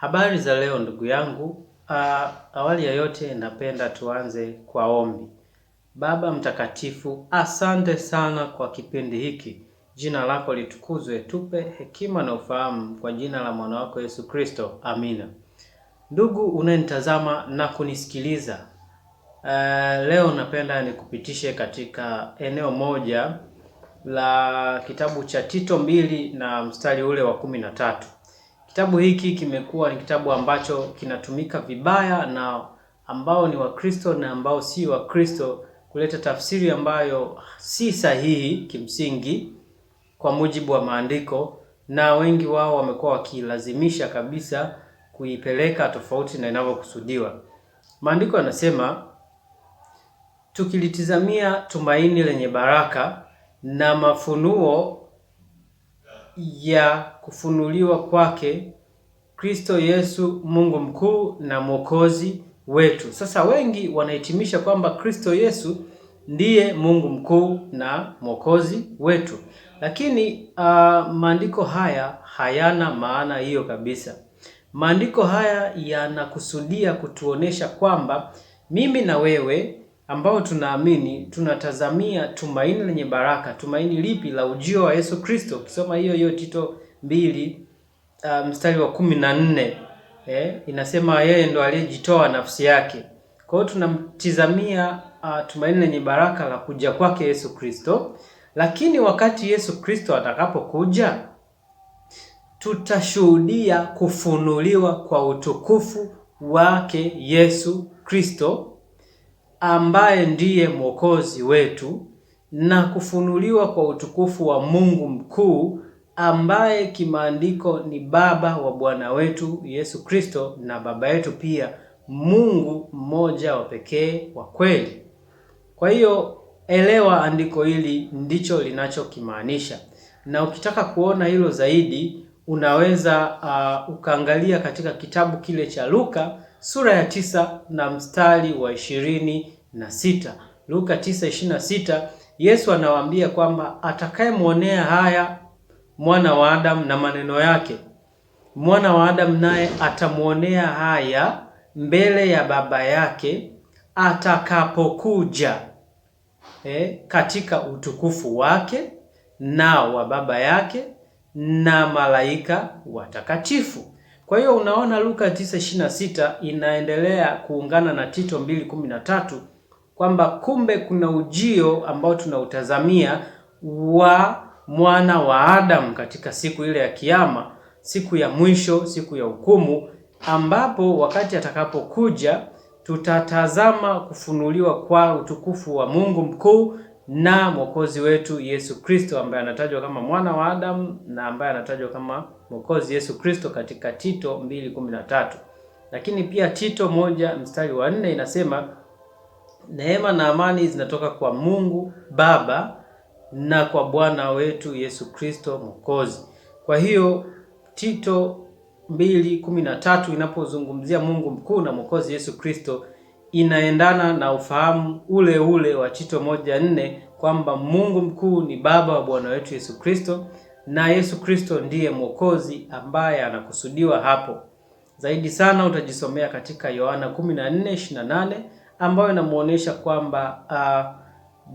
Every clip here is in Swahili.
Habari za leo ndugu yangu. Uh, awali ya yote napenda tuanze kwa ombi. Baba Mtakatifu, asante sana kwa kipindi hiki. Jina lako litukuzwe, tupe hekima na ufahamu kwa jina la mwana wako Yesu Kristo, amina. Ndugu unayenitazama na kunisikiliza, uh, leo napenda nikupitishe katika eneo moja la kitabu cha Tito mbili na mstari ule wa kumi na tatu. Kitabu hiki kimekuwa ni kitabu ambacho kinatumika vibaya na ambao ni Wakristo na ambao si Wakristo kuleta tafsiri ambayo si sahihi kimsingi kwa mujibu wa maandiko, na wengi wao wamekuwa wakilazimisha kabisa kuipeleka tofauti na inavyokusudiwa. Maandiko yanasema tukilitizamia tumaini lenye baraka na mafunuo ya kufunuliwa kwake Kristo Yesu Mungu mkuu na Mwokozi wetu. Sasa wengi wanahitimisha kwamba Kristo Yesu ndiye Mungu mkuu na Mwokozi wetu, lakini uh, maandiko haya hayana maana hiyo kabisa. Maandiko haya yanakusudia kutuonesha kwamba mimi na wewe ambao tunaamini tunatazamia tumaini lenye baraka. Tumaini lipi? La ujio wa Yesu Kristo. Ukisoma hiyo hiyo Tito mbili uh, mstari wa kumi na nne eh, inasema yeye ndo aliyejitoa nafsi yake. Kwa hiyo tunamtizamia uh, tumaini lenye baraka la kuja kwake Yesu Kristo, lakini wakati Yesu Kristo atakapokuja tutashuhudia kufunuliwa kwa utukufu wake Yesu Kristo ambaye ndiye mwokozi wetu na kufunuliwa kwa utukufu wa Mungu mkuu ambaye kimaandiko ni baba wa Bwana wetu Yesu Kristo na baba yetu pia Mungu mmoja wa pekee wa kweli. Kwa hiyo elewa andiko hili ndicho linachokimaanisha, na ukitaka kuona hilo zaidi unaweza uh, ukaangalia katika kitabu kile cha Luka sura ya tisa na mstari wa ishirini na sita. Luka 9:26 Yesu anawaambia kwamba atakayemwonea haya mwana wa Adamu na maneno yake, mwana wa Adamu naye atamwonea haya mbele ya Baba yake atakapokuja eh, katika utukufu wake na wa Baba yake na malaika watakatifu. Kwa hiyo unaona Luka 9:26 inaendelea kuungana na Tito 2:13 kwamba kumbe kuna ujio ambao tunautazamia wa mwana wa Adamu katika siku ile ya kiyama, siku ya mwisho, siku ya hukumu, ambapo wakati atakapokuja tutatazama kufunuliwa kwa utukufu wa Mungu mkuu na mwokozi wetu Yesu Kristo ambaye anatajwa kama mwana wa Adamu na ambaye anatajwa kama mwokozi Yesu Kristo katika Tito 2:13. Lakini pia Tito moja mstari wa nne inasema neema na amani zinatoka kwa Mungu Baba na kwa Bwana wetu Yesu Kristo mwokozi. Kwa hiyo Tito 2:13 inapozungumzia Mungu mkuu na mwokozi Yesu Kristo inaendana na ufahamu ule ule wa Tito moja nne kwamba Mungu mkuu ni Baba wa Bwana wetu Yesu Kristo na Yesu Kristo ndiye Mwokozi ambaye anakusudiwa hapo. Zaidi sana utajisomea katika Yohana 14:28 ambayo inamuonesha kwamba uh,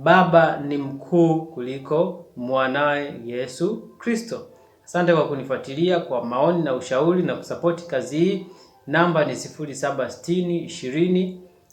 Baba ni mkuu kuliko mwanaye Yesu Kristo. Asante kwa kunifuatilia kwa maoni na ushauri na kusapoti kazi hii. Namba ni 0760 20